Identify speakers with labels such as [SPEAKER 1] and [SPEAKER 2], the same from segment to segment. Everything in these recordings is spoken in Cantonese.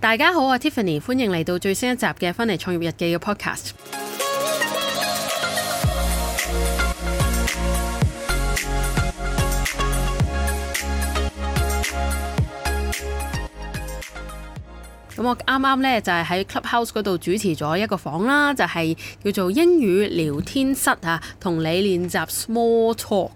[SPEAKER 1] 大家好，我係 Tiffany，歡迎嚟到最新一集嘅《芬尼創業日記》嘅 Podcast。咁 我啱啱咧就係、是、喺 Clubhouse 嗰度主持咗一個房啦，就係、是、叫做英語聊天室啊，同你練習 small talk。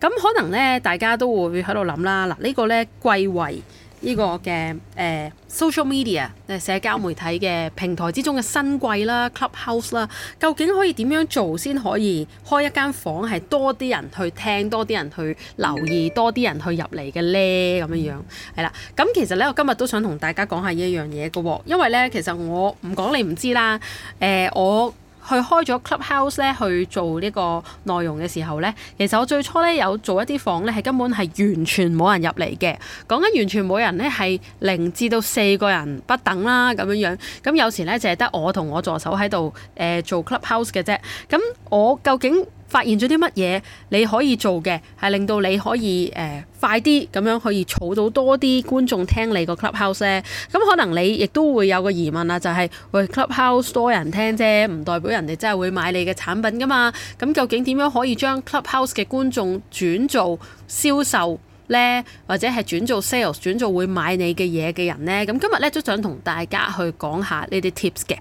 [SPEAKER 1] 咁可能咧，大家都會喺度諗啦，嗱、這個、呢個咧貴為。貴位呢個嘅誒、uh, social media 誒、uh, 社交媒體嘅平台之中嘅新貴啦，Clubhouse 啦，Clubhouse, uh, 究竟可以點樣做先可以開一間房係多啲人去聽、多啲人去留意、多啲人去入嚟嘅呢？咁樣樣係啦。咁、mm hmm. 嗯、其實呢，我今日都想同大家講下呢一樣嘢嘅喎，因為呢，其實我唔講你唔知啦，誒、呃、我。去開咗 clubhouse 咧去做呢個內容嘅時候呢，其實我最初呢，有做一啲房呢，係根本係完全冇人入嚟嘅，講緊完全冇人呢，係零至到四個人不等啦咁樣樣，咁有時呢，就係得我同我助手喺度誒做 clubhouse 嘅啫，咁我究竟發現咗啲乜嘢你可以做嘅係令到你可以誒、呃、快啲咁樣可以儲到多啲觀眾聽你個 clubhouse，咁、嗯、可能你亦都會有個疑問啦，就係、是、喂 clubhouse 多人聽啫，唔代表人哋真係會買你嘅產品噶嘛，咁、嗯、究竟點樣可以將 clubhouse 嘅觀眾轉做銷售？咧或者係轉做 sales，轉做會買你嘅嘢嘅人呢。咁今日咧都想同大家去講下呢啲 tips 嘅。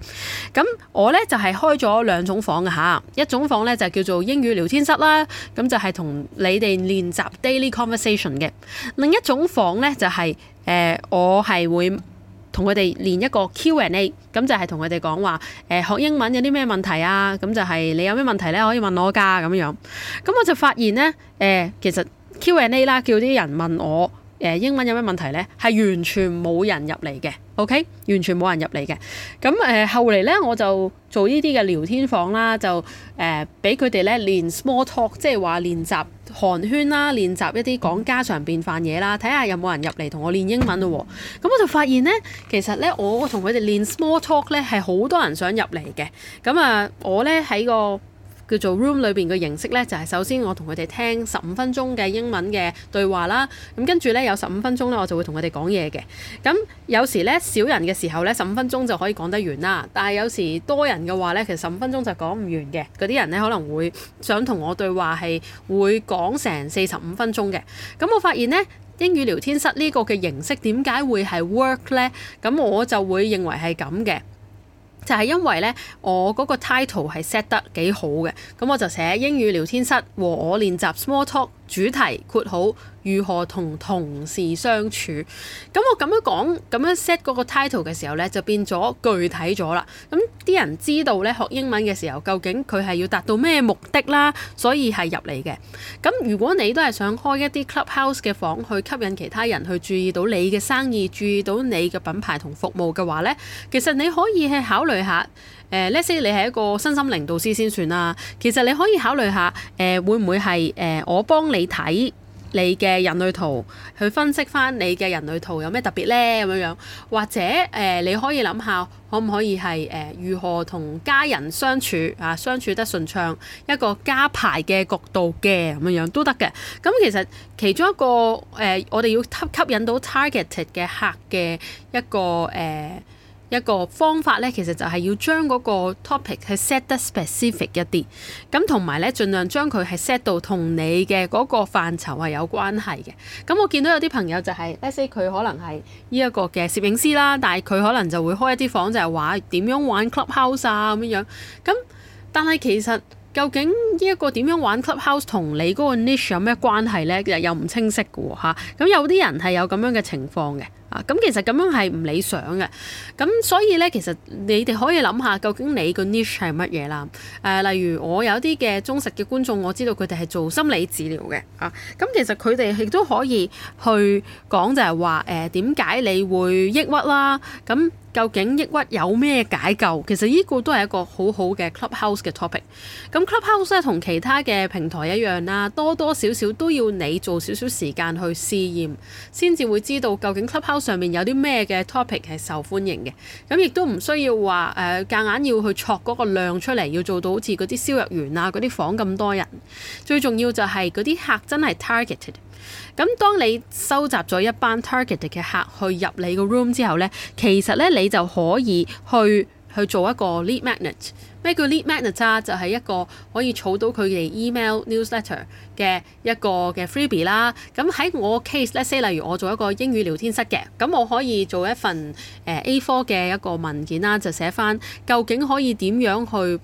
[SPEAKER 1] 咁我呢，就係、是、開咗兩種房嘅嚇，一種房呢，就叫做英語聊天室啦，咁就係同你哋練習 daily conversation 嘅。另一種房呢，就係、是、誒、呃、我係會同佢哋練一個 Q and A，咁就係同佢哋講話誒學英文有啲咩問題啊？咁就係你有咩問題呢？可以問我㗎、啊、咁樣。咁我就發現呢，誒、呃、其實。Q&A 啦，Q&A，叫啲人問我，誒英文有咩問題呢？係完全冇人入嚟嘅，OK？完全冇人入嚟嘅。咁誒、呃、後嚟呢，我就做呢啲嘅聊天房啦，就誒俾佢哋咧練 small talk，即係話練習寒暄啦，練習一啲講家常便飯嘢啦，睇下有冇人入嚟同我練英文咯喎。咁我就發現呢，其實呢，我同佢哋練 small talk 呢，係好多人想入嚟嘅。咁啊、呃，我呢喺個。叫做 room 裏邊嘅形式呢，就係、是、首先我同佢哋聽十五分鐘嘅英文嘅對話啦。咁跟住呢，有十五分鐘呢，我就會同佢哋講嘢嘅。咁、嗯、有時呢，少人嘅時候呢，十五分鐘就可以講得完啦。但係有時多人嘅話呢，其實十五分鐘就講唔完嘅。嗰啲人呢，可能會想同我對話係會講成四十五分鐘嘅。咁、嗯、我發現呢，英語聊天室呢個嘅形式點解會係 work 呢？咁、嗯、我就會認為係咁嘅。就係因為咧，我嗰個 title 係 set 得幾好嘅，咁我就寫英語聊天室和我練習 small talk。主題括號如何同同事相處？咁我咁樣講，咁樣 set 嗰個 title 嘅時候呢，就變咗具體咗啦。咁啲人知道呢學英文嘅時候，究竟佢係要達到咩目的啦，所以係入嚟嘅。咁如果你都係想開一啲 clubhouse 嘅房，去吸引其他人去注意到你嘅生意，注意到你嘅品牌同服務嘅話呢，其實你可以係考慮下。誒 Let's say, 你係一個身心靈導師先算啦。其實你可以考慮下，誒、呃，會唔會係誒、呃、我幫你睇你嘅人類圖，去分析翻你嘅人類圖有咩特別呢？咁樣樣，或者誒、呃，你可以諗下，可唔可以係誒、呃、如何同家人相處啊？相處得順暢，一個加排嘅角度嘅咁樣都樣都得嘅。咁其實其中一個誒、呃，我哋要吸吸引到 targeted 嘅客嘅一個誒。呃一個方法咧，其實就係要將嗰個 topic 係 set 得 specific 一啲，咁同埋咧，盡量將佢係 set 到同你嘅嗰個範疇係有關係嘅。咁、嗯、我見到有啲朋友就係、是、let's say 佢可能係呢一個嘅攝影師啦，但係佢可能就會開一啲房就係話點樣玩 Clubhouse 啊咁樣樣。咁但係其實究竟呢一個點樣玩 Clubhouse 同你嗰個 niche 有咩關係咧？又唔清晰嘅喎嚇。咁、嗯、有啲人係有咁樣嘅情況嘅。咁其實咁樣係唔理想嘅，咁所以呢，其實你哋可以諗下，究竟你個 niche 係乜嘢啦？誒、呃，例如我有啲嘅忠實嘅觀眾，我知道佢哋係做心理治療嘅，啊，咁、嗯、其實佢哋亦都可以去講就係話，誒點解你會抑鬱啦？咁、嗯、究竟抑鬱有咩解救？其實呢個都係一個好好嘅 clubhouse 嘅 topic。咁、嗯、clubhouse 咧同其他嘅平台一樣啦，多多少少都要你做少少時間去試驗，先至會知道究竟 clubhouse 上面有啲咩嘅 topic 係受歡迎嘅，咁亦都唔需要話誒夾硬要去戳嗰個量出嚟，要做到好似嗰啲銷售員啊嗰啲房咁多人。最重要就係嗰啲客真係 targeted。咁當你收集咗一班 targeted 嘅客去入你個 room 之後呢，其實呢，你就可以去去做一個 lead magnet。咩叫 lead m a n a g e r 啊？就係一個可以儲到佢哋 email newsletter 嘅一個嘅 freebie 啦。咁喺我 c a s e l s a y 例如我做一個英語聊天室嘅，咁我可以做一份誒 A 科嘅一個文件啦，就寫翻究竟可以點樣去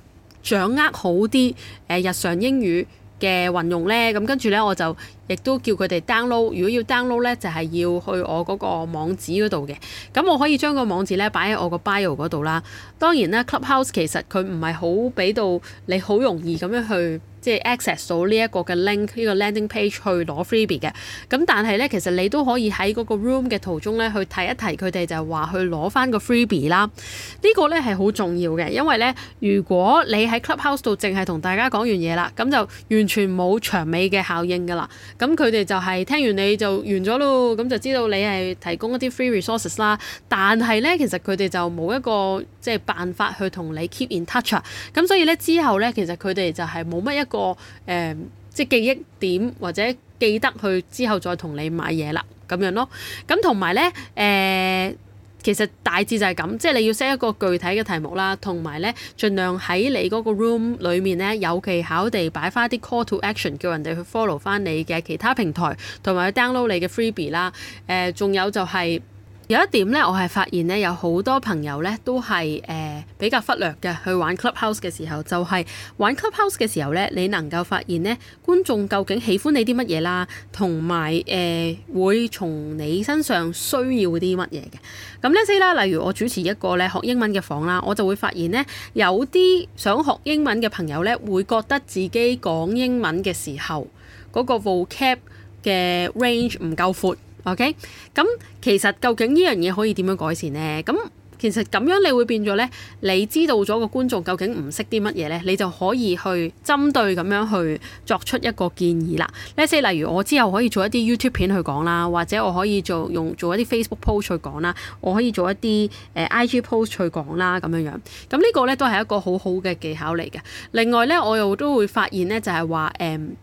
[SPEAKER 1] 掌握好啲誒日常英語。嘅運用咧，咁跟住咧，我就亦都叫佢哋 download。如果要 download 咧，就係要去我嗰個網址嗰度嘅。咁我可以將個網址咧擺喺我個 bio 嗰度啦。當然啦，Clubhouse 其實佢唔係好俾到你好容易咁樣去。即係 access 到呢一個嘅 link，呢個 landing page 去攞 freebie 嘅。咁但係咧，其實你都可以喺嗰個 room 嘅途中咧，去提一提佢哋就係、是、話去攞翻個 freebie 啦。這個、呢個咧係好重要嘅，因為咧，如果你喺 clubhouse 度淨係同大家講完嘢啦，咁就完全冇長尾嘅效應㗎啦。咁佢哋就係聽完你就完咗咯，咁就知道你係提供一啲 free resources 啦。但係咧，其實佢哋就冇一個即係、就是、辦法去同你 keep in touch 啊。咁所以咧，之後咧，其實佢哋就係冇乜一個誒、呃、即係記憶點或者記得去之後再同你買嘢啦咁樣咯，咁同埋咧，誒，其實大致就係咁，即係你要 set 一個具體嘅題目啦，同埋咧，盡量喺你嗰個 room 裡面咧，有技巧地擺翻啲 call to action 叫人哋去 follow 翻你嘅其他平台，同埋去 download 你嘅 freebie 啦，誒、呃、仲有就係、是。有一點咧，我係發現咧，有好多朋友咧都係誒、呃、比較忽略嘅，去玩 Clubhouse 嘅時候，就係、是、玩 Clubhouse 嘅時候咧，你能夠發現咧，觀眾究竟喜歡你啲乜嘢啦，同埋誒會從你身上需要啲乜嘢嘅。咁呢，先啦，例如我主持一個咧學英文嘅房啦，我就會發現咧，有啲想學英文嘅朋友咧，會覺得自己講英文嘅時候嗰、那個 vocab 嘅 range 唔夠闊。OK，咁、嗯、其實究竟呢樣嘢可以點樣改善呢？咁、嗯、其實咁樣你會變咗咧，你知道咗個觀眾究竟唔識啲乜嘢咧，你就可以去針對咁樣去作出一個建議啦。一些例如我之後可以做一啲 YouTube 片去講啦，或者我可以做用做一啲 Facebook post 去講啦，我可以做一啲誒、呃、IG post 去講啦，咁樣樣。咁、嗯，這個、呢個咧都係一個好好嘅技巧嚟嘅。另外咧，我又都會發現咧，就係話誒。嗯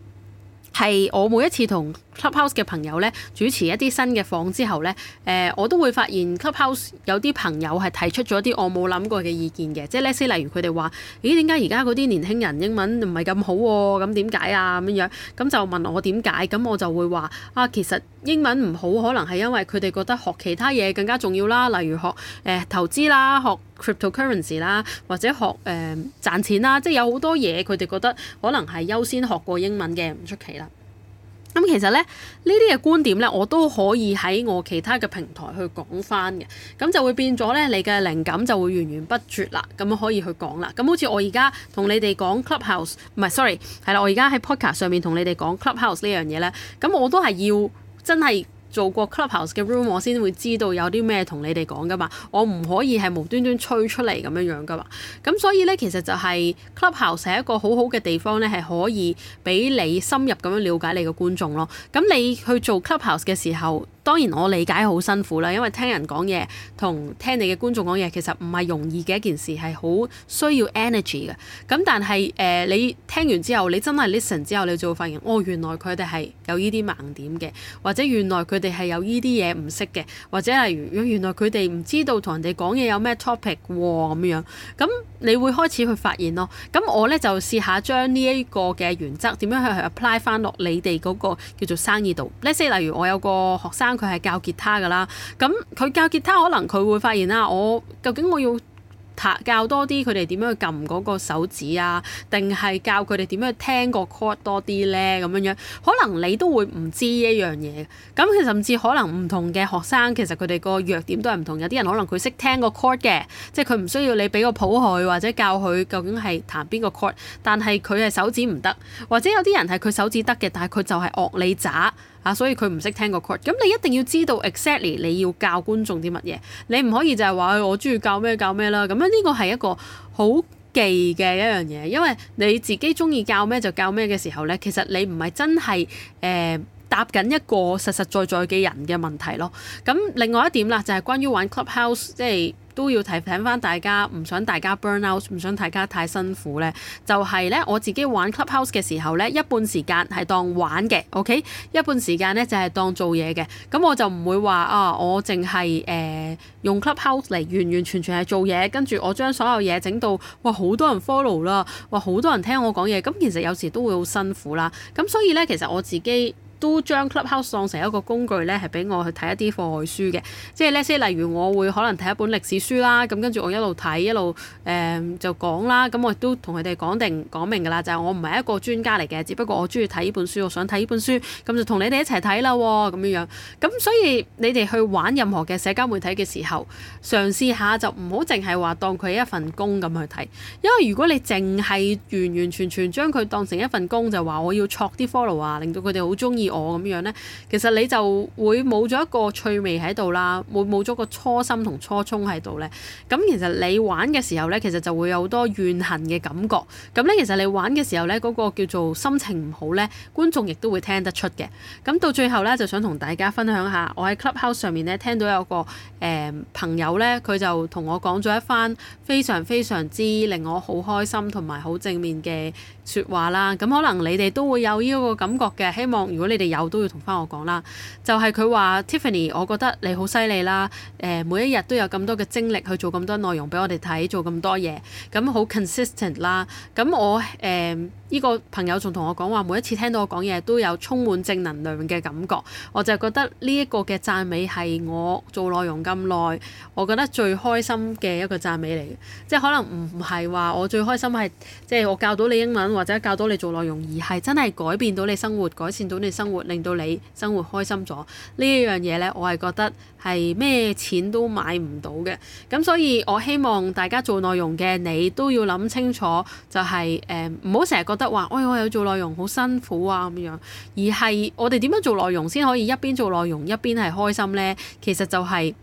[SPEAKER 1] 係我每一次同 Clubhouse 嘅朋友咧主持一啲新嘅房之後咧，誒、呃、我都會發現 Clubhouse 有啲朋友係提出咗啲我冇諗過嘅意見嘅，即係咧，例如佢哋話：咦，點解而家嗰啲年輕人英文唔係咁好喎？咁點解啊？咁、啊、樣咁就問我點解，咁我就會話：啊，其實英文唔好，可能係因為佢哋覺得學其他嘢更加重要啦，例如學誒、呃、投資啦，學 cryptocurrency 啦，或者學誒賺、呃、錢啦，即係有好多嘢佢哋覺得可能係優先學過英文嘅，唔出奇啦。咁、嗯、其實咧，呢啲嘅觀點咧，我都可以喺我其他嘅平台去講翻嘅，咁就會變咗咧，你嘅靈感就會源源不絕啦，咁可以去講啦。咁好似我而家同你哋講 Clubhouse，唔係，sorry，係啦，我而家喺 Podcast 上面同你哋講 Clubhouse 呢樣嘢咧，咁我都係要真係。做過 clubhouse 嘅 room，我先會知道有啲咩同你哋講噶嘛，我唔可以係無端端吹出嚟咁樣樣噶嘛。咁所以咧，其實就係 clubhouse 係一個好好嘅地方咧，係可以俾你深入咁樣了解你嘅觀眾咯。咁你去做 clubhouse 嘅時候，當然我理解好辛苦啦，因為聽人講嘢同聽你嘅觀眾講嘢，其實唔係容易嘅一件事，係好需要 energy 嘅。咁但係誒、呃，你聽完之後，你真係 listen 之後，你就會發現，哦，原來佢哋係有呢啲盲點嘅，或者原來佢。佢哋係有呢啲嘢唔識嘅，或者例如原來佢哋唔知道同人哋講嘢有咩 topic 喎咁樣，咁你會開始去發現咯。咁我咧就試下將呢一個嘅原則點樣去 apply 翻落你哋嗰個叫做生意度。例如，我有個學生佢係教吉他噶啦，咁佢教吉他可能佢會發現啦，我究竟我要，教多啲佢哋點樣去撳嗰個手指啊，定係教佢哋點樣去聽個 chord 多啲呢？咁樣樣可能你都會唔知一樣嘢。咁佢甚至可能唔同嘅學生，其實佢哋個弱點都係唔同。有啲人可能佢識聽個 chord 嘅，即係佢唔需要你俾個譜佢或者教佢究竟係彈邊個 chord，但係佢係手指唔得，或者有啲人係佢手指得嘅，但係佢就係惡你渣。吓、啊！所以佢唔識聽個 quote，咁你一定要知道 exactly 你要教觀眾啲乜嘢。你唔可以就係話、哎、我中意教咩教咩啦。咁樣呢個係一個好忌嘅一樣嘢，因為你自己中意教咩就教咩嘅時候呢，其實你唔係真係誒、呃、答緊一個實實在在嘅人嘅問題咯。咁另外一點啦，就係、是、關於玩 Clubhouse 即係。都要提醒翻大家，唔想大家 burn out，唔想大家太辛苦呢，就係呢，我自己玩 clubhouse 嘅時候呢，一半時間係當玩嘅，OK，一半時間呢就係當做嘢嘅。咁我就唔會話啊，我淨係誒用 clubhouse 嚟完完全全係做嘢，跟住我將所有嘢整到哇好多人 follow 啦，哇好多人聽我講嘢。咁其實有時都會好辛苦啦。咁所以呢，其實我自己，都將 Clubhouse 當成一個工具咧，係俾我去睇一啲課外書嘅。即係咧，即係例如我會可能睇一本歷史書啦，咁跟住我一路睇一路誒、嗯、就講啦。咁我亦都同佢哋講定講明㗎啦，就係、是、我唔係一個專家嚟嘅，只不過我中意睇呢本書，我想睇呢本書，咁就同你哋一齊睇啦喎，咁樣樣。咁所以你哋去玩任何嘅社交媒體嘅時候，嘗試下就唔好淨係話當佢一份工咁去睇，因為如果你淨係完完全全將佢當成一份工，就話我要錯啲 follow 啊，令到佢哋好中意。我咁樣咧，其實你就會冇咗一個趣味喺度啦，會冇咗個初心同初衷喺度咧。咁其實你玩嘅時候咧，其實就會有好多怨恨嘅感覺，咁咧，其實你玩嘅時候咧，嗰個叫做心情唔好咧，觀眾亦都會聽得出嘅。咁到最後咧，就想同大家分享下，我喺 Clubhouse 上面咧聽到有個誒、呃、朋友咧，佢就同我講咗一番非常非常之令我好開心同埋好正面嘅說話啦。咁可能你哋都會有呢個感覺嘅，希望如果你你哋有都要同翻我講啦，就係佢話 Tiffany，我覺得你好犀利啦，誒每一日都有咁多嘅精力去做咁多內容俾我哋睇，做咁多嘢，咁好 consistent 啦。咁我誒呢個朋友仲同我講話，每一次聽到我講嘢都有充滿正能量嘅感覺。我就覺得呢一個嘅讚美係我做內容咁耐，我覺得最開心嘅一個讚美嚟嘅，即係可能唔係話我最開心係即係我教到你英文或者教到你做內容，而係真係改變到你生活，改善到你生活。活令到你生活開心咗呢樣嘢呢，我係覺得係咩錢都買唔到嘅。咁所以我希望大家做內容嘅你都要諗清楚、就係，就係唔好成日覺得話，喂、哎、我有做內容好辛苦啊咁樣，而係我哋點樣做內容先可以一邊做內容一邊係開心呢？其實就係、係。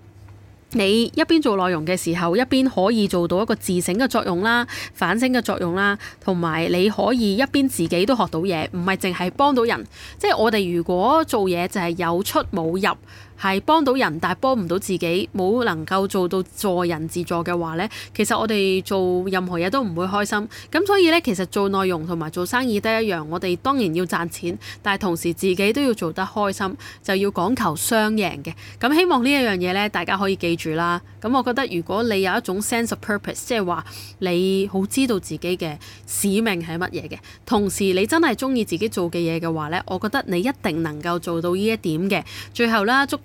[SPEAKER 1] 你一邊做內容嘅時候，一邊可以做到一個自省嘅作用啦、反省嘅作用啦，同埋你可以一邊自己都學到嘢，唔係淨係幫到人。即係我哋如果做嘢就係有出冇入。係幫到人，但係幫唔到自己，冇能夠做到助人自助嘅話呢，其實我哋做任何嘢都唔會開心。咁所以呢，其實做內容同埋做生意都一樣，我哋當然要賺錢，但係同時自己都要做得開心，就要講求雙贏嘅。咁希望呢一樣嘢呢，大家可以記住啦。咁我覺得如果你有一種 sense of purpose，即係話你好知道自己嘅使命係乜嘢嘅，同時你真係中意自己做嘅嘢嘅話呢，我覺得你一定能夠做到呢一點嘅。最後啦，祝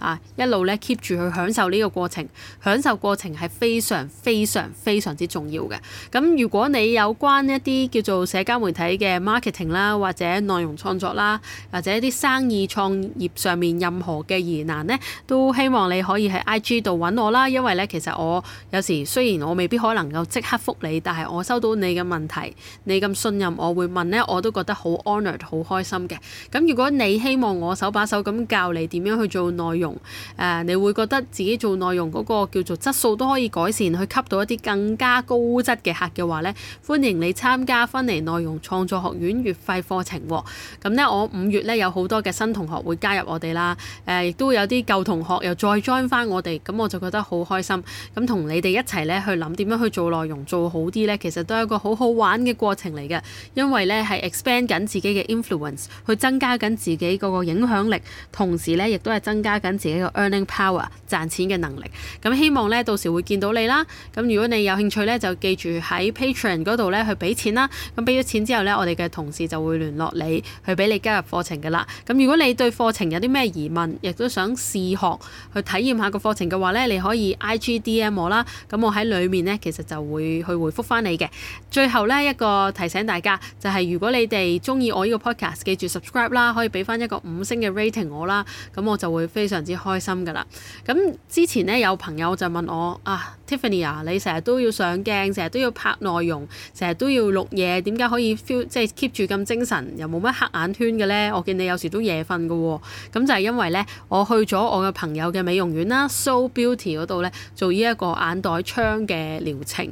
[SPEAKER 1] 啊，一路咧 keep 住去享受呢個過程，享受過程係非常非常非常之重要嘅。咁如果你有關一啲叫做社交媒體嘅 marketing 啦，或者內容創作啦，或者一啲生意創業上面任何嘅疑難咧，都希望你可以喺 IG 度揾我啦。因為咧，其實我有時雖然我未必可能夠即刻覆你，但係我收到你嘅問題，你咁信任我會問咧，我都覺得好 honored，好開心嘅。咁如果你希望我手把手咁教你點樣去做內容，誒、啊，你會覺得自己做內容嗰個叫做質素都可以改善，去吸到一啲更加高質嘅客嘅話呢。歡迎你參加芬尼內容創作學院月費課程喎。咁、啊、呢，我五月呢有好多嘅新同學會加入我哋啦，誒、啊，亦都有啲舊同學又再 join 翻我哋，咁我就覺得好開心。咁同你哋一齊呢去諗點樣去做內容做好啲呢其實都係一個好好玩嘅過程嚟嘅，因為呢係 expand 緊自己嘅 influence，去增加緊自己嗰個影響力，同時呢亦都係增加緊。自己嘅 earning power 賺錢嘅能力，咁希望咧到時會見到你啦。咁如果你有興趣咧，就記住喺 Patreon 度咧去俾錢啦。咁俾咗錢之後咧，我哋嘅同事就會聯絡你，去俾你加入課程噶啦。咁如果你對課程有啲咩疑問，亦都想試學去體驗下個課程嘅話咧，你可以 IGDM 我啦。咁我喺裏面咧其實就會去回覆翻你嘅。最後咧一個提醒大家，就係如果你哋中意我呢個 podcast，記住 subscribe 啦，可以俾翻一個五星嘅 rating 我啦。咁我就會非常啲開心㗎啦！咁之前咧有朋友就問我啊，ah，Tiffany 啊，你成日都要上鏡，成日都要拍內容，成日都要錄嘢，點解可以 feel 即係 keep 住咁精神，又冇乜黑眼圈嘅咧？我見你有時都夜瞓嘅喎，咁就係因為咧，我去咗我嘅朋友嘅美容院啦，So Beauty 嗰度咧做呢一個眼袋窗嘅療程。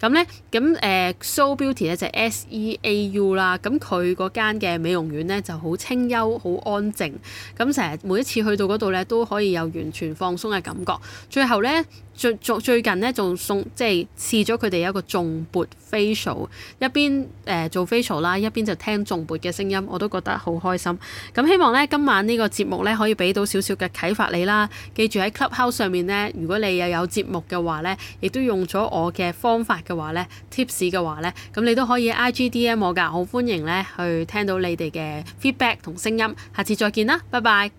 [SPEAKER 1] 咁咧，咁誒 So Beauty 咧就係 S E A U 啦。咁佢嗰間嘅美容院咧就好清幽、好安靜。咁成日每一次去到嗰度咧都～都可以有完全放鬆嘅感覺。最後呢，最最近呢，仲送即係試咗佢哋一個重撥 facial，一邊誒做 facial 啦，一邊、呃、就聽重撥嘅聲音，我都覺得好開心。咁希望呢，今晚呢個節目呢，可以俾到少少嘅啟發你啦。記住喺 Clubhouse 上面呢，如果你又有節目嘅話呢，亦都用咗我嘅方法嘅話呢，tips 嘅話呢，咁你都可以 IGDM 我噶，好歡迎呢，去聽到你哋嘅 feedback 同聲音。下次再見啦，拜拜。